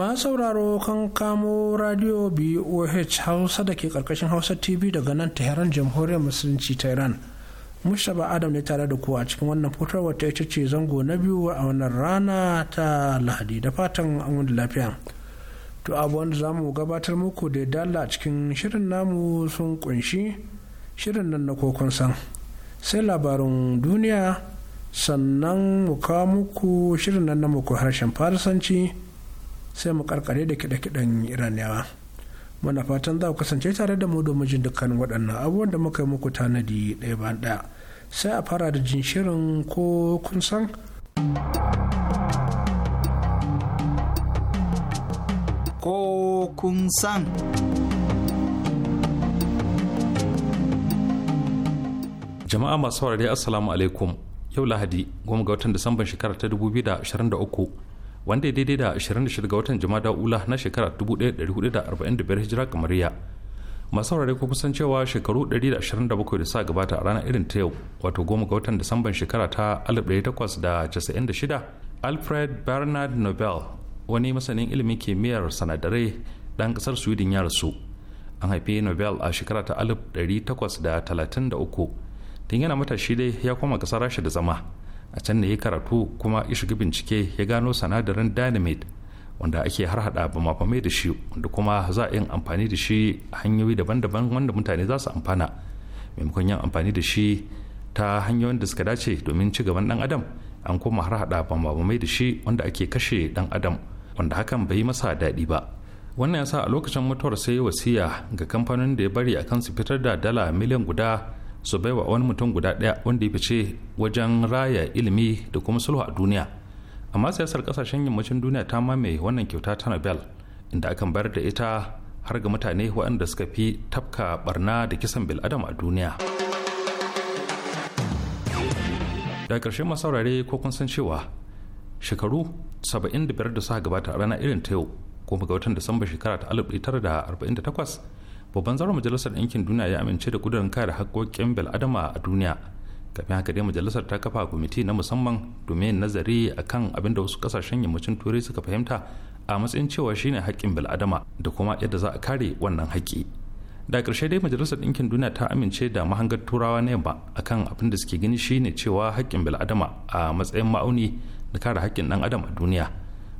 masu sauraro kan kamo radio boh hausa da ke karkashin hausa tv daga nan tehran jamhuriyar musulunci ta iran mushaba adam ne tare da ku a cikin wannan fitar wata ita ce zango na biyu a wannan rana ta lahadi da fatan an wani lafiya to abuwan da za mu gabatar muku da dala a cikin shirin namu sun kunshi shirin nan na kokon san sai labarin duniya sannan mu kawo muku shirin nan na muku harshen farisanci sai mu karkare da kiɗe-kiɗen iraniyawa muna fatan za ku kasance tare da mu domin jin dukkan waɗannan abubuwan da muka yi muku tanadi ɗaya bayan ɗaya sai a fara da jin shirin ko kun san ko kun san jama'a masu saurari assalamu alaikum yau lahadi goma ga watan disamban shekarar ta uku. wanda ya daidai da 26 ga watan jama'a ula na shekarar 1445 hijira kamariya masu saurare ko kusan cewa shekaru 127 da sa gabata a ranar irin ta yau wato goma ga watan disamban shekara ta 1896 alfred bernard nobel wani masanin ilimin kimiyyar sanadarai ɗan ƙasar sweden ya rasu an haifi nobel a shekara ta 1833 tun yana matashi dai ya koma ƙasar rasha da zama a can ne ya karatu kuma ya shiga bincike ya gano sanadarin dynamite wanda ake har hada bamafamai da shi wanda kuma za a yin amfani da shi a hanyoyi daban-daban wanda mutane za su amfana maimakon yin amfani da shi ta hanyoyin da suka dace domin ci gaban dan adam an koma har hada da shi wanda ake kashe dan adam wanda hakan bai masa daɗi ba wannan ya sa a lokacin mutuwar sai wasiya ga kamfanin da ya bari akan su fitar da dala miliyan guda su bai wa wani mutum guda ɗaya wanda ya fice wajen raya ilimi da kuma sulhu a duniya amma siyasar kasashen yammacin duniya ta mamaye wannan kyauta ta nobel inda akan bayar da ita har ga mutane waɗanda suka fi tafka barna da kisan bil'adam a duniya da ƙarshe masaurare ko kun san cewa shekaru 75 da suka gabata a rana irin ta yau kuma ga watan disamba shekara ta 1948 babban zauren majalisar ɗinkin duniya ya amince da kudurin kare haƙƙoƙin bil'adama a duniya kafin haka dai majalisar ta kafa kwamiti na musamman domin nazari akan abin da wasu kasashen yammacin turai suka fahimta a matsayin cewa shine haƙƙin bil'adama da kuma yadda za a kare wannan haƙƙi da ƙarshe dai majalisar ɗinkin duniya ta amince da mahangar turawa na yamma akan abin da suke gani shine cewa haƙƙin bil'adama a matsayin ma'auni na kare haƙƙin ɗan adam a duniya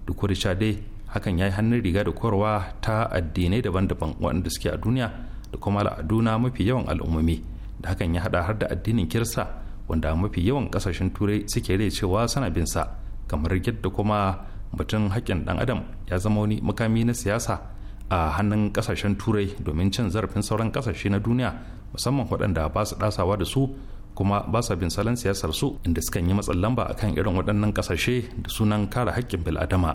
duk da dai hakan ya yi hannun riga da korwa ta addinai daban-daban waɗanda suke a duniya da kuma al'adu na mafi yawan al'ummomi da hakan ya haɗa har da addinin kirsa wanda mafi yawan ƙasashen turai suke rai cewa suna bin sa kamar yadda kuma batun haƙƙin ɗan adam ya zama wani makami na siyasa a hannun ƙasashen turai domin cin zarafin sauran ƙasashe na duniya musamman waɗanda ba su ɗasawa da su kuma ba sa bin salon siyasar su inda sukan yi matsin lamba akan irin waɗannan ƙasashe da sunan kare haƙƙin bil'adama.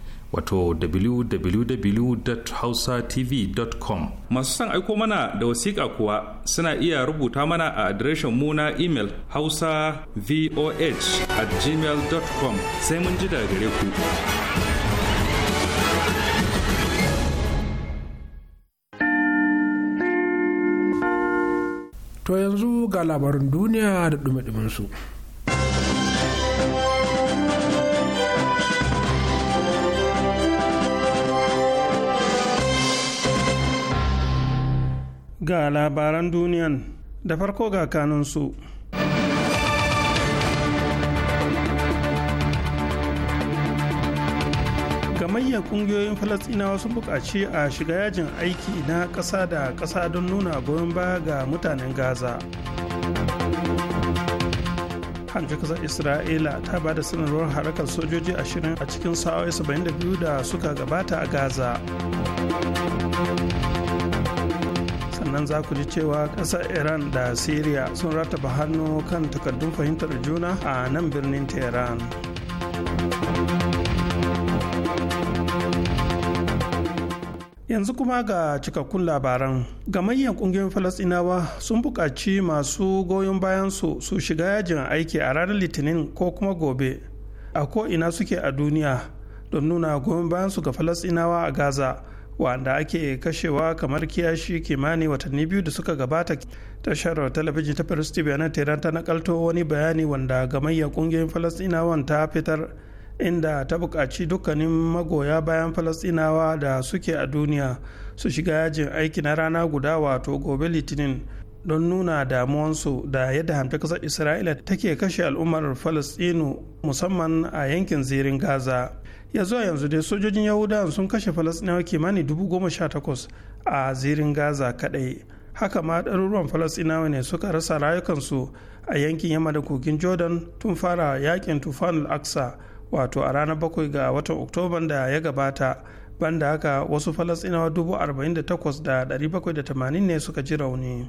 wato www.hausatv.com masu son aiko mana da wasiƙa kuwa suna iya rubuta mana a adireshin mu na imel hausa voh at gmail.com sai mun ji daga gare ku to yanzu ga labarin duniya da dumi su. ga labaran duniyan da farko ga kanunsu gamayya kungiyoyin falasinawa sun buƙaci a shiga yajin aiki na ƙasa da ƙasa don nuna goyon ba ga mutanen gaza hamshe kasar isra'ila ta ba da sanarwar harakar sojoji ashirin a cikin sa'o'i 72 da suka gabata a gaza nan za ku ji cewa ƙasar iran da syria sun rataba hannu kan takardun fahimtar juna a nan birnin tehran yanzu kuma ga cikakkun labaran gamayyar kungiyoyin falasinawa sun buƙaci masu goyon bayansu su shiga yajin aiki a ranar litinin ko kuma gobe a ko ina suke a duniya don nuna goyon bayansu ga falasinawa a gaza wanda ake kashewa kamar kiyashi kimani watanni biyu da suka gabata tashar talabijin ta first tv na tehran ta nakalto wani bayani wanda gamayyar kungiyoyin falastinawan ta fitar inda ta buƙaci dukkanin magoya bayan falastinawa da suke a duniya su shiga yajin aiki na rana guda wato gobe litinin don nuna damuwansu da yadda hamta ƙasar isra'ila take kashe al'ummar falastinu musamman a yankin zirin gaza ya zuwa yanzu dai sojojin yahudawan sun kashe falasɗinawa kimanin dubu goma sha takwas a zirin gaza kaɗai haka ma ɗaruruwan falasɗinawa ne suka rasa rayukansu a yankin yamma da kogin jordan tun fara yakin tufanul aksa wato a ranar bakwai ga watan oktoban da ya gabata banda haka wasu falasɗinawa dubu arba'in da takwas da ɗari bakwai da tamanin ne suka ji rauni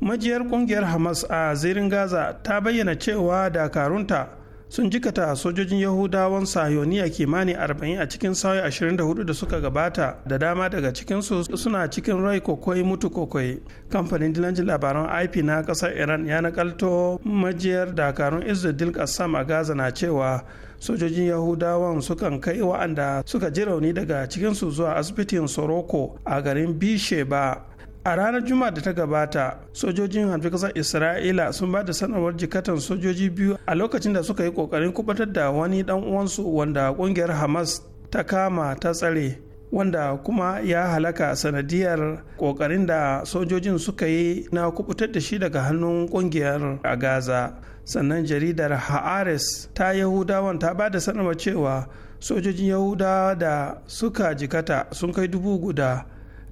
majiyar kungiyar hamas a zirin gaza ta bayyana cewa dakarunta sun jikata sojojin yahudawan a kimanin arba'in a cikin sauyi 24 da suka gabata da dama daga cikinsu suna cikin rai kokoi mutu kokoi kamfanin dilancin labaran ip na kasar iran ya nakalto majiyar dakarun izudil kassam a gaza na cewa sojojin yahudawan sukan kai wa'anda suka ji rauni daga cikinsu zuwa asibitin soroko a garin bisheba a ranar juma'a da ta gabata sojojin hamfi kasar isra'ila sun ba da sanarwar jikatan sojoji biyu a lokacin da suka yi kokarin kubatar da wani dan uwansu wanda kungiyar hamas ta kama ta tsare wanda kuma ya halaka sanadiyar kokarin da sojojin suka yi na kubutar da shi daga hannun kungiyar a gaza sannan jaridar ha'ares ta yahudawan ta ba da sanarwar cewa sojojin yahudawa da suka jikata sun kai dubu guda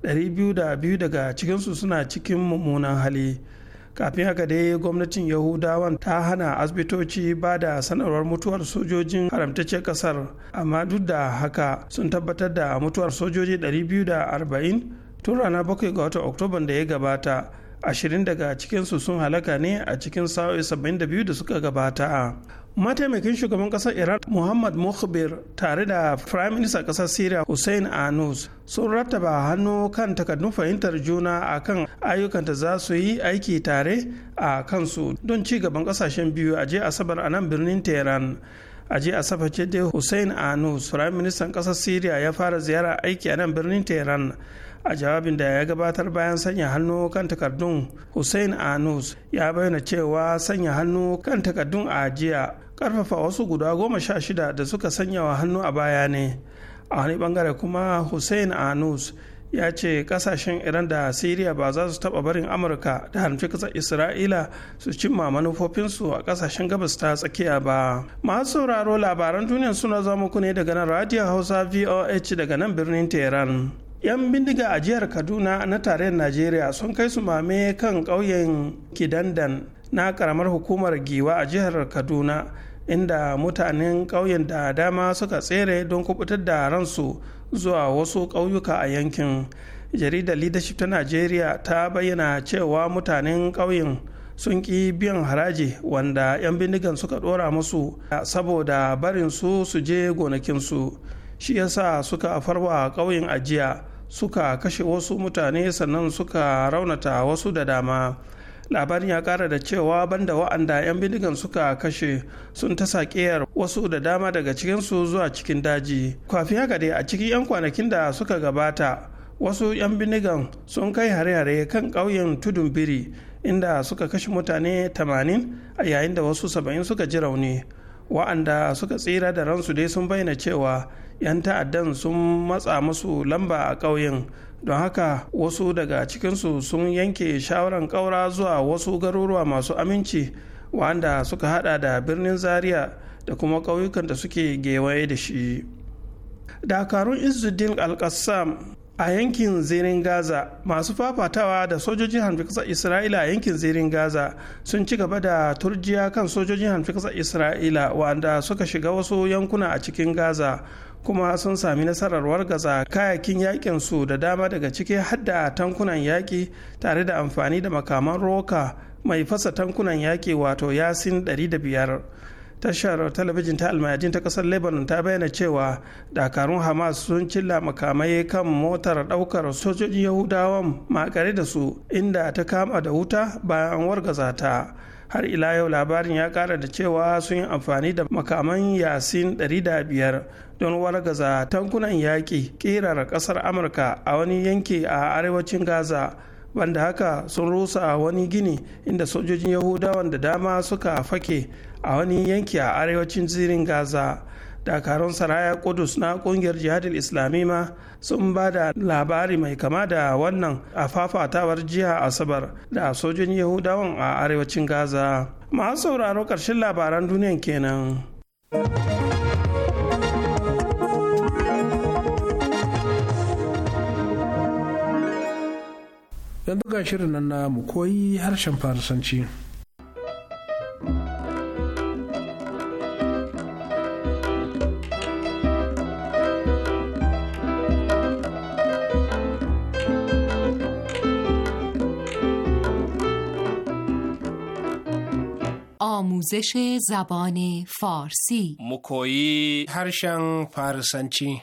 200 daga cikinsu suna cikin mummunan hali kafin haka dai gwamnatin yahudawan ta hana asibitoci ba da sanarwar mutuwar sojojin haramtacce kasar amma duk da haka sun tabbatar da mutuwar sojoji 240 tun ranar 7 ga watan oktoban da ya gabata ashirin daga cikinsu sun halaka ne a cikin sa'o'i saba'in da biyu da suka gabata mataimakin shugaban kasar iran muhammad mukhbir tare da prime minister kasar syria hussein anus sun rattaba hannu kan takardun fahimtar juna a kan ayyukanta za su yi aiki tare a kansu don ci gaban kasashen biyu a je asabar a nan birnin tehran a je asabar ce hussein anus prime minister kasar syria ya fara ziyara aiki a nan birnin tehran a jawabin da ya gabatar bayan sanya hannu kan takardun hussein anus ya bayyana cewa sanya hannu kan takardun a jiya karfafa wasu guda goma sha shida da suka sanya wa hannu a baya ne a wani bangare kuma hussein anus ya ce kasashen iran da syria ba za su taba barin amurka da hanfi kasar isra'ila su cimma manufofinsu a kasashen gabas ta tsakiya ba masu sauraro labaran duniya suna zama ku ne daga nan radio hausa voh daga nan birnin tehran 'yan bindiga a jihar kaduna na tarayyar najeriya sun kai su mame kan ƙauyen kidandan na karamar hukumar giwa a jihar kaduna inda mutanen ƙauyen da dama suka tsere don kubutar da ransu zuwa wasu ƙauyuka a yankin jaridar leadership ta najeriya ta bayyana cewa mutanen ƙauyen sun ƙi biyan haraji wanda 'yan bindigan suka ɗora musu saboda barin su su je gonakinsu shi yasa suka farwa ƙauyen ajiya suka kashe wasu mutane sannan suka raunata wasu da dama labarin ya kara da cewa banda wa'anda 'yan bindigan suka kashe sun ta saƙiyar wasu da dama daga cikinsu zuwa cikin daji kwafi haka dai a cikin 'yan kwanakin da suka gabata wasu 'yan bindigan sun kai hare-hare kan ƙauyen tudun biri inda suka kashe mutane 80 a yayin da wasu 70 suka ji rauni wa'anda suka tsira da ransu dai sun bayyana cewa 'yan ta'addan sun matsa musu lamba a ƙauyen don haka wasu daga cikinsu sun yanke shawarar ƙaura zuwa wasu garuruwa masu aminci wa'anda suka hada da birnin zaria da kuma ƙauyukan da suke gewaye da shi dakarun izuddin al a yankin zirin gaza masu fafatawa da sojojin hamfikasar isra'ila a yankin zirin gaza sun ci gaba da turjiya kan sojojin hamfikasar isra'ila wanda suka shiga wasu yankuna a cikin gaza kuma sun sami nasarar wargaza kayakin yakin su da dama daga ciki hadda tankunan yaƙi tare da amfani da makaman roka mai fasa tankunan yaƙi wato yasin 500 tashar talabijin ta almajin ta kasar lebanon ta bayyana cewa dakarun hamas sun cilla makamai kan motar daukar sojojin yahudawan makare da su inda ta kama da wuta bayan wargaza ta har ila yau labarin ya kara da cewa sun yi amfani da makaman yasin 500 don wargaza tankunan yaƙi ƙirar ƙasar amurka a wani yanki a arewacin gaza banda haka sun rusa wani gini inda sojojin yahudawan da dama suka fake a wani yanki a arewacin zirin gaza dakarun saraya kudus na kungiyar jihadin islami ma sun ba da labari mai kama da wannan a fafatawar jiha asabar da sojojin yahudawan a arewacin gaza masu sauraro karshen labaran duniyan kenan. yanzu ga shirin nan na mu koyi harshen farisanci آموزش زبان فارسی مکویی هرشن فارسنچی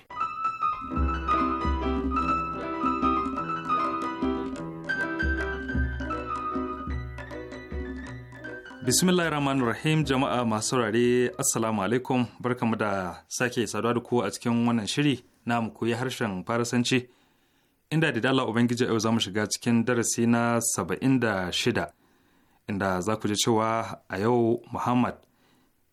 rahman rahim jama'a masu saurare assalamu alaikum barkamu da sake saduwa da ku a cikin wannan shiri na mu koyi harshen farasanci inda da Allah ubangiji yau za mu shiga cikin darasi na saba'in da shida inda za ku ji cewa a yau Muhammad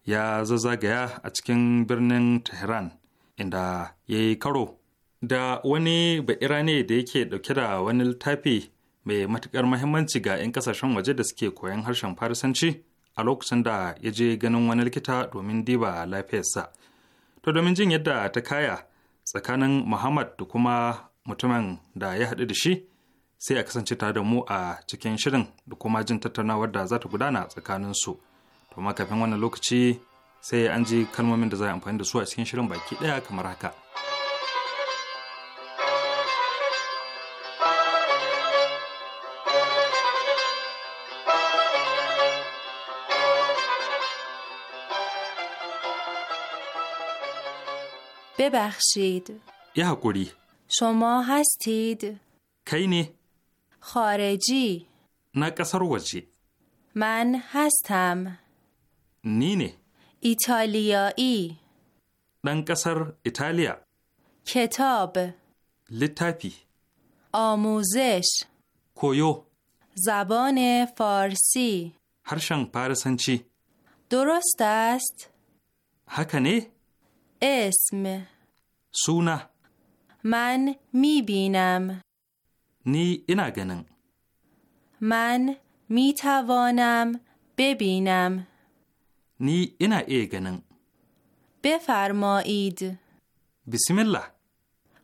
ya zazzagaya a cikin birnin Tehran inda ya yi karo da wani ba'ira ne da yake dauke da wani littafi mai matukar mahimmanci ga 'yan kasashen waje da suke koyon harshen farisanci a lokacin da ya je ganin wani likita domin diba lafiyarsa to domin jin yadda ta kaya tsakanin muhammad da kuma mutumin da ya haɗu da shi sai a kasance tare da mu a cikin shirin da kuma jin tattaunawar da za ta gudana tsakanin su to ma kafin wannan lokaci sai an ji kalmomin da za a amfani da su a cikin shirin baki ɗaya kamar haka. ببخشید یه گوری شما هستید؟ کینی خارجی نه کسر وجی من هستم نینی. ایتالیایی نکسر کسر ایتالیا کتاب لطفی آموزش کویو زبان فارسی هرشن پارسنچی درست است؟ هکنه؟ اسم سونه من می بینم نی اینا گنن من می توانم ببینم نی اینا ای گنن بفرمایید بسم الله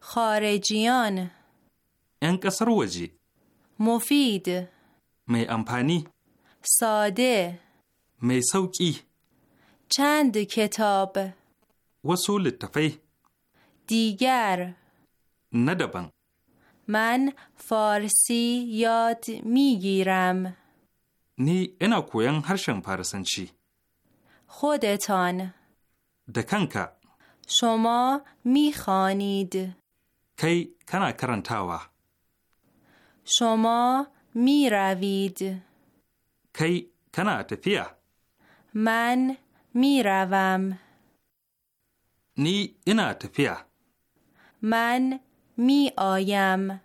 خارجیان انکسر مفید می امپانی ساده می سوکی چند کتاب وسو لطفی دیگر ندبن من فارسی یاد میگیرم نی انا کویان هرشن فارسنچی خودتان دکنکا شما میخوانید کی کنا کرنتاوا شما میروید کی کنا تفیه من میروم نی اینا تفیه من می آیم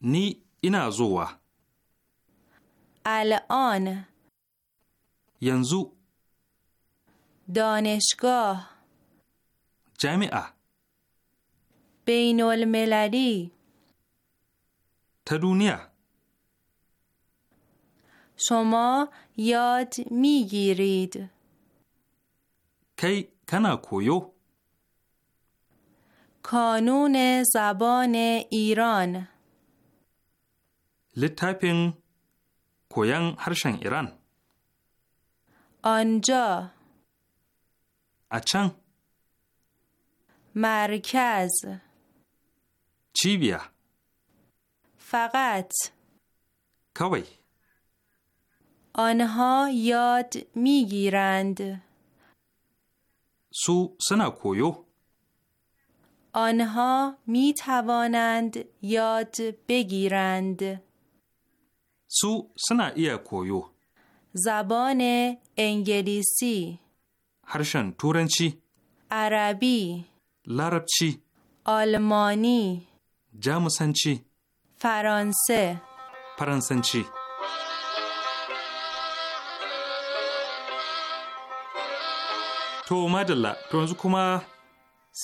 نی اینا زوا الان ینزو دانشگاه جامعه بین المللی تدونیه شما یاد میگیرید کی کنا کویو کانون زبان ایران لیتایپینگ کویان هرشن ایران آنجا اچان مرکز چی بیا؟ فقط کوی آنها یاد میگیرند سو سنا کویو آنها می توانند یاد بگیرند. سو سنا ایا کویو زبان انگلیسی هرشن تورنچی عربی لربچی آلمانی جاموسنچی فرانسه فرانسنچی تو مدلا تو yanzu کما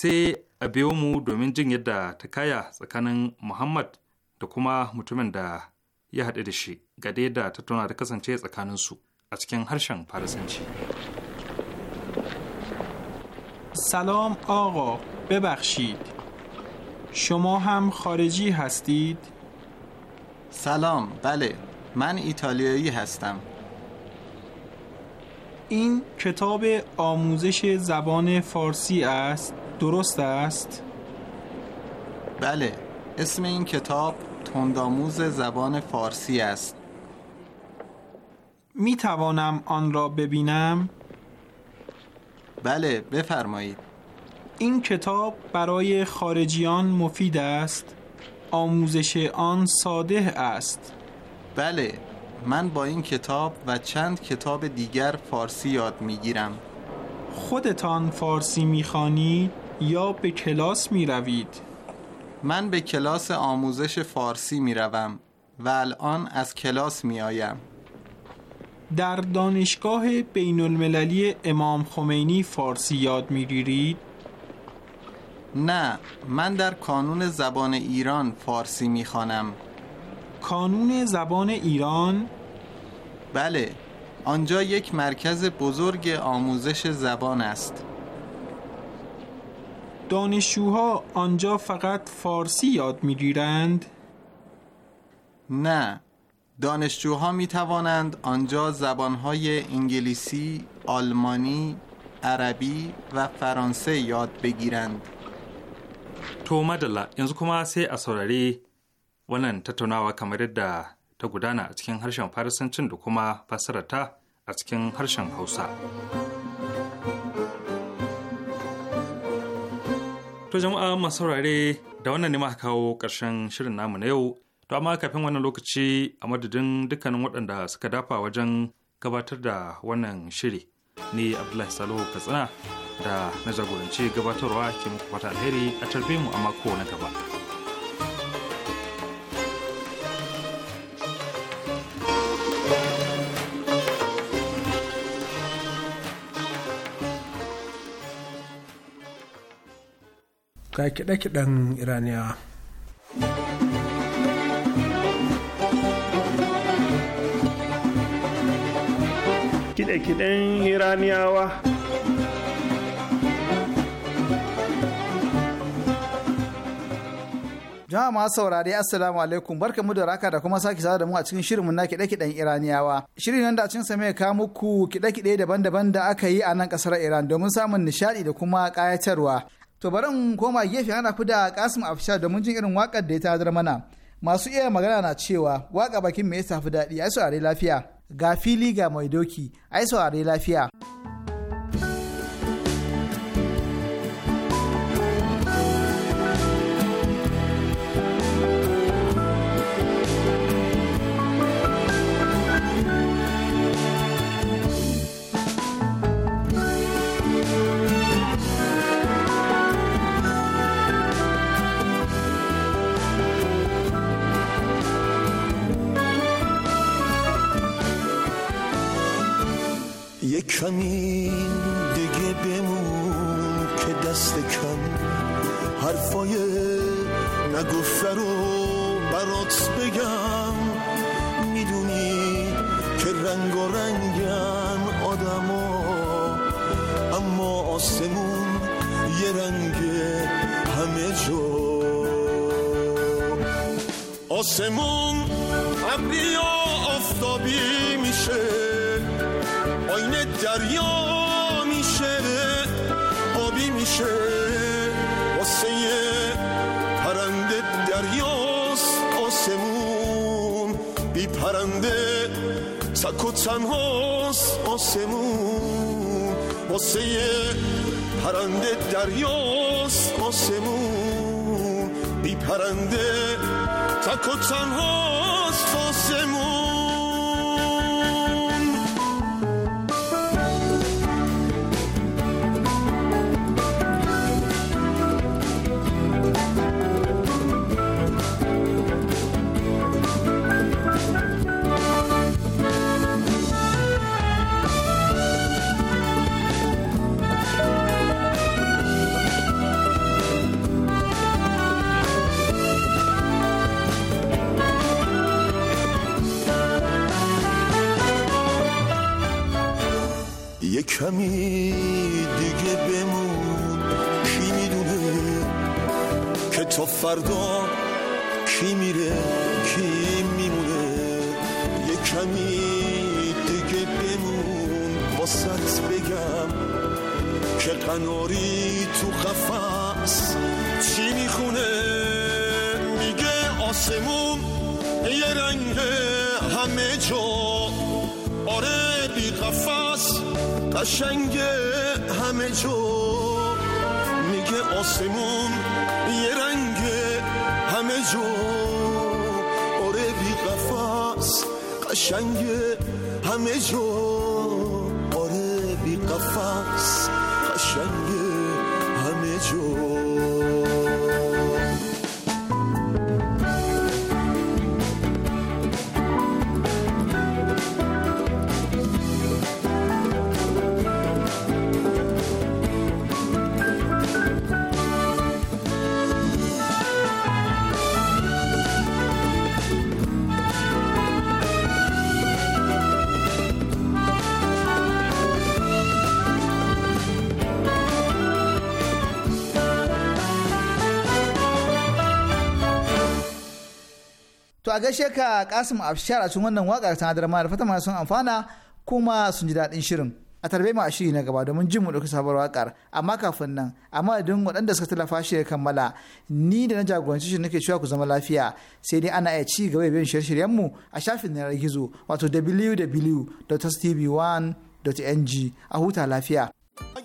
سی a biyo mu domin jin yadda ta kaya tsakanin Muhammad da kuma mutumin da ya haɗe da shi ga dai da tattauna ta kasance tsakaninsu a cikin harshen Farisanci. سلام آقا ببخشید شما هم خارجی هستید؟ سلام بله من ایتالیایی هستم این کتاب آموزش زبان فارسی است درست است؟ بله اسم این کتاب تنداموز زبان فارسی است می توانم آن را ببینم؟ بله بفرمایید این کتاب برای خارجیان مفید است آموزش آن ساده است بله من با این کتاب و چند کتاب دیگر فارسی یاد می گیرم خودتان فارسی می خانید؟ یا به کلاس می روید؟ من به کلاس آموزش فارسی می روم و الان از کلاس می آیم. در دانشگاه بین المللی امام خمینی فارسی یاد می نه من در کانون زبان ایران فارسی می خوانم. کانون زبان ایران؟ بله آنجا یک مرکز بزرگ آموزش زبان است دانشجوها آنجا فقط فارسی یاد میگیرند؟ نه دانشجوها می آنجا زبانهای انگلیسی، آلمانی، عربی و فرانسه یاد بگیرند. تو مدل اینجا کما سی اصراری ونن تتونا و کمری دا تگودانا از کن هرشان پرسن چندو کما پسرتا از کن هرشان حوصا. موسیقی To jama'a masu saurare da wannan ne ma kawo ƙarshen shirin namu na yau. To amma kafin wannan lokaci a madadin dukkanin waɗanda suka dafa wajen gabatar da wannan shiri. Ni Abdullahi Salo Katsina da na jagoranci gabatarwa ke muku fata alheri a tarbe mu a mako na gaba. ta kiɗe-kiɗen iraniyawa kiɗe-kiɗen iraniyawa jama'a masu saurare assalamu alaikum barka mu da raka da kuma sake sada da mu a cikin shirinmu na kiɗe-kiɗen iraniyawa shirin nan da cin sa mai kawo muku kiɗe-kiɗe daban-daban da aka yi a nan ƙasar iran domin samun nishaɗi da kuma ƙayatarwa to bari in koma gefe ana fi da kasim afshar domin jin irin wakar da ya tazar mana masu iya magana na cewa waka bakin me ya tafi daɗi ai saurare lafiya ga fili ga mai doki ai saurare lafiya. جو آسمون ابری آفتابی میشه آین دریا میشه آبی میشه واسه پرنده دریاست آسمون بی پرنده سک و تنهاست آسمون واسه پرنده دریاست آسمون پرنده تک و تنهاست کمی دیگه بمون کی میدونه که تا فردا کی میره کی میمونه یه کمی دیگه بمون سرس بگم که قناری تو قفص چی میخونه میگه آسمون یه رنگ همه جا قشنگ همه جو میگه آسمون یه رنگ همه جو آره بی قفص قشنگ همه جو آره بی قفص قشنگ همه جو to a gaishe ka kasim Afshar a cikin wannan waƙar ta darma da fatan sun amfana kuma sun ji daɗin shirin a tarbe mu a shiri na gaba domin jin mu ɗauki sabuwar waƙar amma kafin nan amma idan waɗanda suka tallafa shi ya kammala ni da na jagoranci shi nake cewa ku zama lafiya sai dai ana iya ci gaba da bin shirye-shiryen mu a shafin yanar gizo wato www.tv1.ng a huta lafiya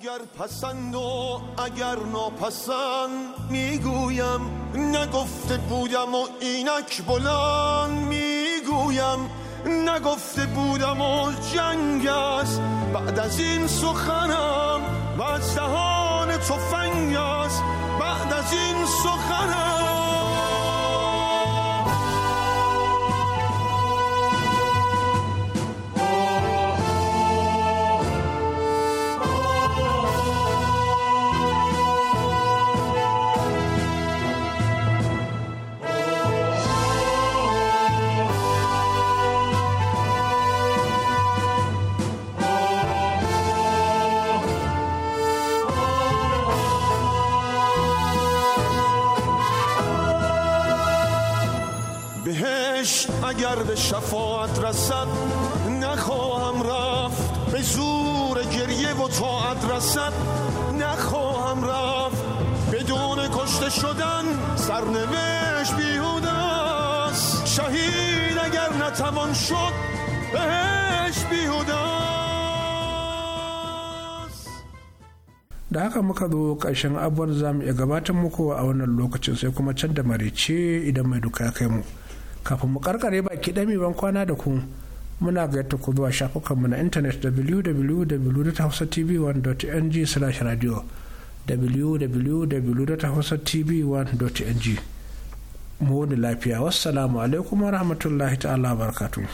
اگر پسند و اگر ناپسند میگویم نگفته بودم و اینک بلند میگویم نگفته بودم و جنگ است بعد از این سخنم و دهان تفنگ است بعد از این سخنم بهش اگر به شفاعت رسد نخواهم رفت به زور گریه و طاعت رسد نخواهم رفت بدون کشته شدن سرنوش بیهود است شهید اگر نتوان شد بهش بیهود da haka muka zo ƙarshen abubuwan za mu iya gabatar muku a wannan lokacin sai kuma can da marice idan mai duka kai mu kafin mu karkare baki ɗami ban kwana da ku muna gayyata ku zuwa shafukanmu na intanet www.hausatv1.ng slash radio www.hausatv1.ng mu wani lafiya wassalamu alaikum rahmatullahi ta'ala barkatu.